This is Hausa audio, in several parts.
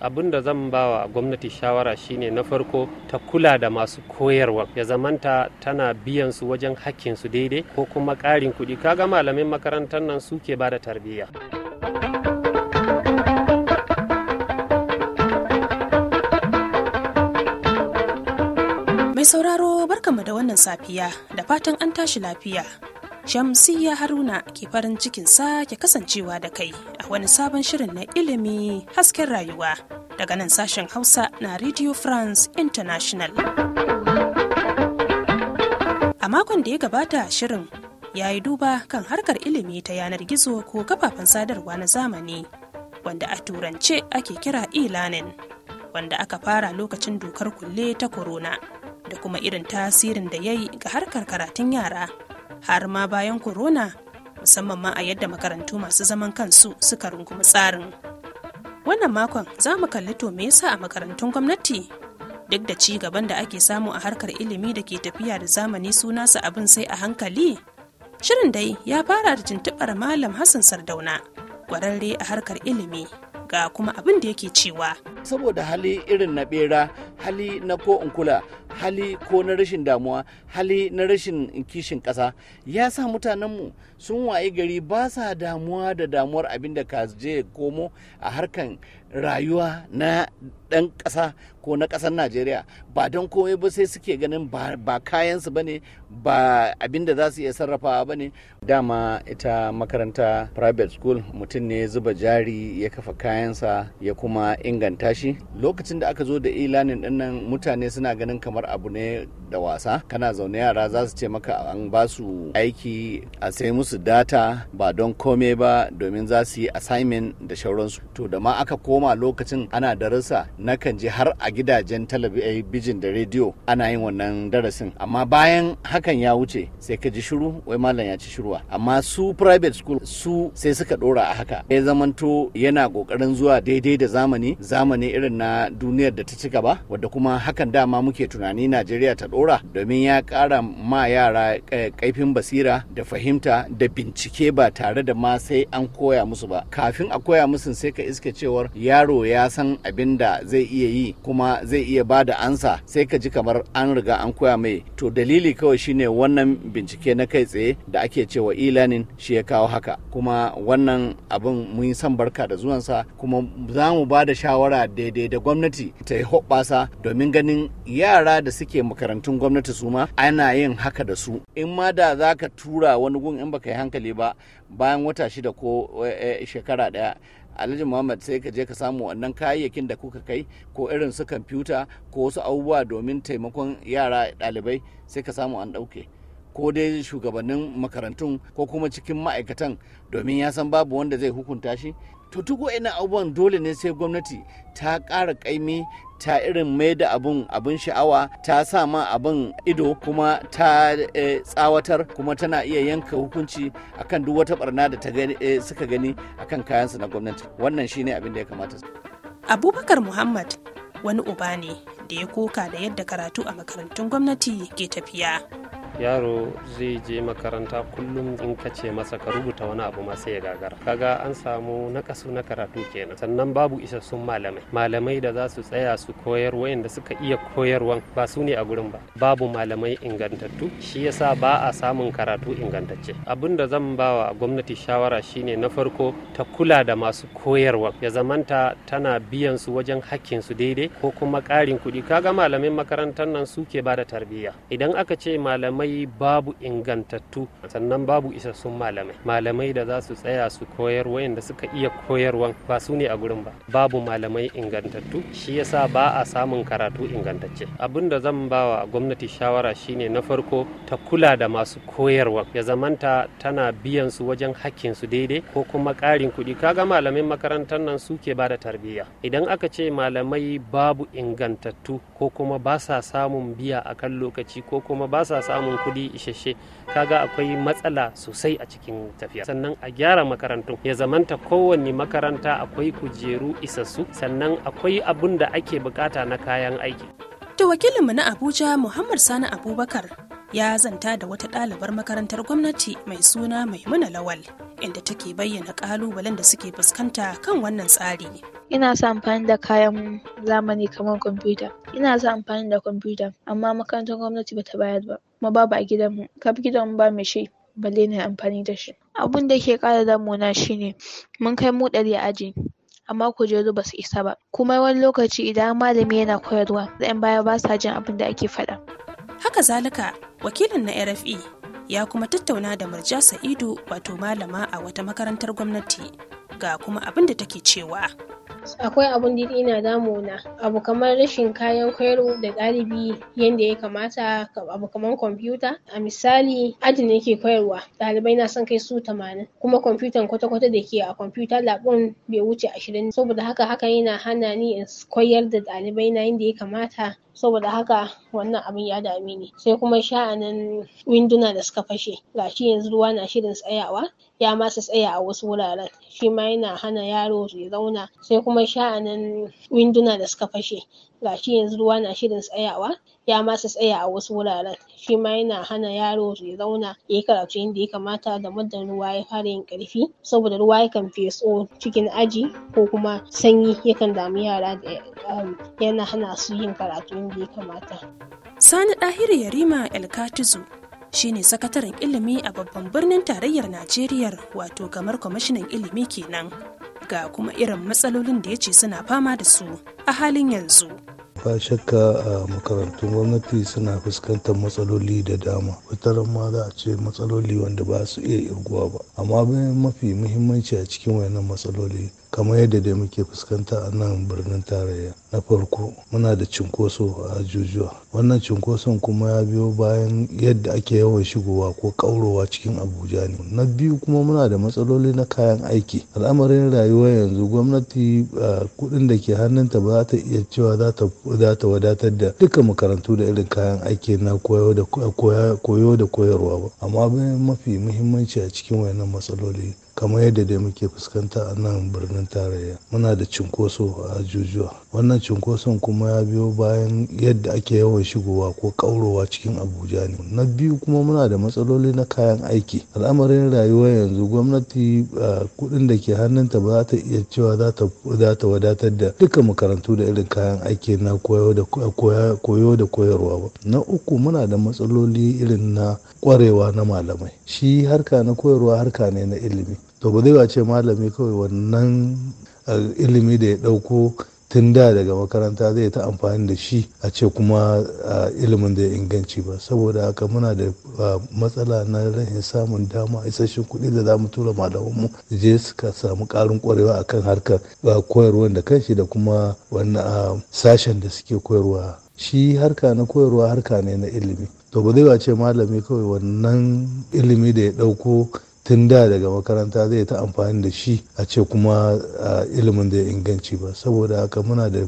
abin da zan ba wa gwamnati shawara shine na farko ta kula da masu koyarwa ya zamanta tana biyan su wajen hakkin su daidai ko kuma ƙarin kuɗi kaga malamin makarantar nan suke ke bada tarbiyya mai sauraro barkamu da wannan safiya da fatan an tashi lafiya Shamsiyya Haruna ke farin cikin sake kasancewa da kai a wani sabon shirin na ilimi hasken rayuwa daga nan sashen Hausa na Radio France International. A makon da ya gabata shirin ya yi duba kan harkar ilimi ta yanar gizo ko kafafen sadarwa na zamani wanda a turance ake kira e-learning wanda aka fara lokacin dokar kulle ta corona da kuma irin tasirin da ya yi ga harkar karatun yara. har ma bayan korona, musamman ma a yadda makarantu masu zaman kansu suka rungumi tsarin wannan makon za mu kalli to me yasa a makarantun gwamnati duk da ci gaban da ake samu a harkar ilimi da ke tafiya da zamani suna su abin sai a hankali shirin dai ya fara da tuntubar malam hassan sardauna kwararre a harkar ilimi ga kuma abin da yake cewa saboda hali irin na bera hali na ko in kula hali ko na rashin damuwa hali na rashin kishin ƙasa ya sa mutanenmu sun waye gari ba sa damuwa da damuwar abin da ka je komo a harkan rayuwa na ɗan ƙasa ko na ƙasar najeriya ba don komai ba sai suke ganin ba kayansu ba ne ba abin da za su iya sarrafawa ba ne dama ita makaranta private school mutum ne zuba jari ya kafa kayansa ya kuma inganta shi lokacin da aka zo da ilanin dinnan mutane suna ganin kamar abu ne da wasa kana zaune yara za su ce maka an ba su aiki a sai musu data ba don komai ba domin za su yi assignment da shauransu to da ma aka koma koma lokacin ana na kan je har a gidajen talabijin eh, da rediyo ana yin wannan darasin amma bayan hakan ya wuce sai ka ji shiru wai malam ya ci shiruwa amma su private school su sai suka dora a haka ya zamanto yana kokarin zuwa daidai da zamani zamani irin na duniyar da ta ci gaba wadda kuma hakan dama muke tunani najeriya ta dora domin ya kara ma yara kaifin eh, basira da fahimta da bincike ba tare da ma sai an koya musu ba kafin a koya musu sai ka iska cewar ya yaro ya san abin da zai iya yi kuma zai iya ba da ansa sai ka ji kamar an riga an koya mai to dalili kawai shine wannan bincike na kai tsaye da ake cewa ilanin learning shi ya kawo haka kuma wannan abin mun san barka da zuwansa kuma za mu ba da shawara daidai da gwamnati ta yi hoɓɓasa domin ganin yara da suke makarantun gwamnati su ma ana yin haka da su in ma da za ka tura wani gun in baka yi hankali ba bayan wata shida ko eh, eh, shekara ɗaya alhaji muhammad sai ka je ka samu wannan kayayyakin da kuka kai ko irin su kamfuta ko wasu abubuwa domin taimakon yara ɗalibai sai ka samu an ɗauke ko dai shugabannin makarantun ko kuma cikin ma'aikatan domin ya san babu wanda zai hukunta shi to duk ina abubuwan dole ne sai gwamnati ta kara ƙaimi ta irin mai da abun abin sha'awa ta sa ma abin ido kuma ta eh, tsawatar kuma tana iya yanka hukunci akan duk wata barna da ta eh, suka gani akan kayansu na gwamnati wannan shi ne abin da ya kamata abubakar muhammad wani uba ne da ya koka da yadda karatu a makarantun gwamnati ke tafiya yaro zai je makaranta kullum in ka ce masa ka rubuta wani abu ma sai ya gagara kaga an samu nakasu na karatu kenan sannan babu isassun malamai malamai da za su tsaya su koyar wayanda suka iya koyarwan ba su ne a gurin ba babu malamai ingantattu shi yasa ba a samun karatu ingantacce abin da zan bawa gwamnati shawara shine na farko ta kula da masu koyarwa ya zamanta tana biyan su wajen hakkin su daidai ko kuma karin kuɗi kaga malamin makarantar nan suke ba da tarbiyya idan aka ce malamai akwai babu ingantattu sannan babu isassun malamai malamai da za su tsaya su koyar wayanda suka iya koyarwan ba su ne a gurin ba babu malamai ingantattu shi yasa ba a samun karatu ingantacce abin da zan ba wa gwamnati shawara shine na farko ta kula da masu koyarwa ya zamanta tana biyan su wajen hakkin su daidai ko kuma ƙarin kuɗi kaga malamin makarantar nan suke ba da tarbiyya idan aka ce malamai babu ingantattu ko kuma ba sa samun biya a kan lokaci ko kuma ba sa samun kuɗi isasshe kaga akwai matsala sosai a cikin tafiya sannan a gyara makarantun ya zamanta kowanne makaranta akwai kujeru isassu sannan akwai abun da ake bukata na kayan aiki da wakilinmu na abuja muhammad sani abubakar ya zanta da wata ɗalibar makarantar gwamnati mai suna maimuna lawal inda take bayyana ƙalubalen da suke fuskanta kan wannan tsari Ina sa amfani da kayan zamani kamar kwamfuta. Ina sa amfani da kwamfuta amma makarantar gwamnati bata bayar ba kuma babu a gidanmu. Kaf mu ba mai shi balle na amfani da shi. Abun da ke ƙara damuna shine mun kai mu ɗari a aji amma kujeru su isa ba. Kuma wani lokaci idan malami yana koyarwa ƴan baya basa jin abin da ake faɗa. Haka zalika wakilin na rfe ya kuma tattauna da Murja Sa'idu wato malama a wata makarantar gwamnati ga kuma abin da take cewa. akwai abun da ina damuna abu kamar rashin kayan koyarwa da ɗalibi yadda ya kamata abu kamar kwamfuta a misali ajin da yake koyarwa ɗalibai na son kai su tamanin kuma kwamfutan kwata-kwata da ke a kwamfuta labun bai wuce ashirin saboda haka haka yana hana ni in koyar da ɗalibai na yadda ya kamata saboda haka wannan abin ya dame ni sai kuma sha'anin winduna da suka fashe gashi yanzu ruwa na shirin tsayawa ya masa tsaya a wasu wuraren shi ma yana hana yaro ya zauna sai kuma sha'anin winduna da suka fashe gashi yanzu ruwa na shirin tsayawa ya ma tsaya a wasu wuraren shi ma yana hana yaro ya zauna ya yi karatu yadda ya kamata da muddin ruwa ya fara yin ƙarfi saboda ruwa yakan feso cikin aji ko kuma sanyi yakan damu yara da um, yana hana su yin karatu yadda ya kamata. Sani Ɗahiru Yarima Elkatizu shine sakataren ilimi a babban birnin tarayyar Najeriya wato kamar kwamishinan ilimi kenan. Ga kuma irin matsalolin da ya ce suna fama da su a halin yanzu. ba shakka a makarantun gwamnati suna fuskantar matsaloli da dama wataran ma za a ce matsaloli wanda ba su iya irguwa ba amma bayan mafi muhimmanci a cikin wayannan matsaloli kamar yadda da muke fuskanta a nan birnin tarayya na farko muna da cinkoso a jujuwa wannan cinkoson kuma ya biyo bayan yadda ake yawan shigowa ko kaurowa cikin abuja ne na biyu kuma muna da matsaloli na kayan aiki al'amarin rayuwa yanzu gwamnati kudin da ke hannunta ba za ta iya cewa za ta wadatar da duka makarantu da irin kayan aiki na koyo da koyarwa ba amma mafi muhimmanci a cikin wayannan matsaloli kamar yadda dai muke fuskanta a nan birnin tarayya muna da cinkoso a jujuwa wannan cinkoson kuma ya biyo bayan yadda ake yawan shigowa ko kaurowa cikin abuja ne na biyu kuma muna da matsaloli na kayan aiki al'amarin rayuwa yanzu gwamnati kudin da ke hannunta ba za ta iya cewa za ta wadatar da duka makarantu da irin kayan aiki na koyo da koyarwa ba na uku muna da matsaloli irin na kwarewa na malamai shi harka na koyarwa harka ne na ilimi to ba zai ce malami kawai wannan ilimi da ya ɗauko tun da daga makaranta zai ta amfani da shi a ce kuma ilimin da ya inganci ba saboda haka muna da matsala na rahin samun dama isasshen kuɗi da za mu tura malamanmu je suka samu ƙarin ƙwarewa kan harkar koyarwar da kanshi da kuma wannan sashen da suke koyarwa shi harka na koyarwa harka ne na ilimi to ba zai ce malami kawai wannan ilimi da ya ɗauko tun da daga makaranta zai ta amfani da shi a ce kuma ilimin da ya inganci ba saboda haka muna da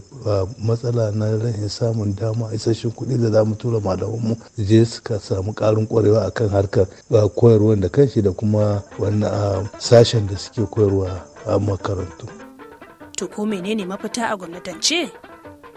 matsala na rashin samun dama isasshen kuɗi da za mu tura malamanmu je suka samu ƙarin ƙwarewa akan harkar koyarwar da kanshi da kuma wannan sashen da suke koyarwa a makarantu. To ko menene mafita a gwamnatance?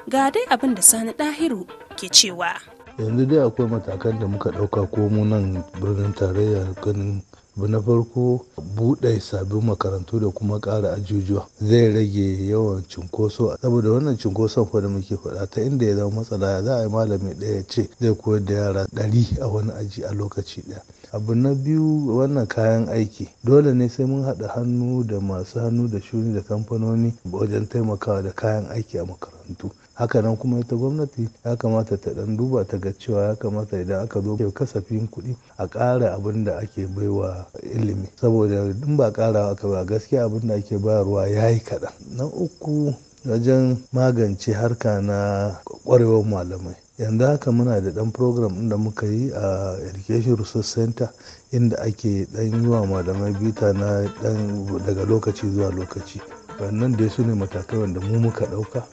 Ga dai abin da Sani Dahiru ke cewa. yanzu dai akwai matakan da muka ɗauka ko mu nan birnin tarayya ganin abu na farko buɗe sabbin makarantu da kuma ƙara ajujuwa zai rage yawan cunkoso saboda wannan cunkoson fa da muke faɗa ta inda ya zama matsala za a yi malami ɗaya ce zai koyar da yara ɗari a wani aji a lokaci ɗaya abu na biyu wannan kayan aiki dole ne sai mun haɗa hannu da masu hannu da shuni da kamfanoni wajen taimakawa da kayan aiki a makarantu haka nan kuma ita gwamnati ya kamata ta dan duba ta ga cewa ya kamata idan aka zo kasafin kuɗi a ƙara abin da ake baiwa ilimi saboda in ba ƙara aka ba gaskiya abin da ake bayarwa ya yi kaɗan na uku wajen magance harka na ƙwarewar malamai yanzu haka muna da dan program inda muka yi a education resource center inda ake ɗan yi wa malamai bita na dan daga lokaci zuwa lokaci wannan dai su ne matakai wanda mu muka ɗauka.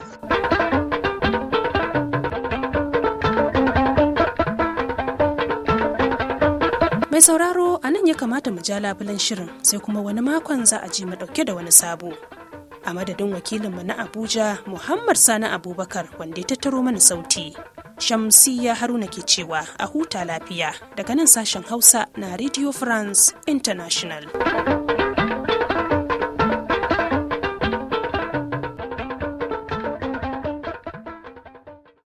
mai sauraro a nan ya kamata mu ja labulan shirin sai kuma wani makon za a ji mu dauke da wani sabo a madadin wakilinmu na abuja muhammad sani abubakar wanda ya tattaro mana sauti shamsiya haruna ke cewa a huta lafiya daga nan sashen hausa na radio france international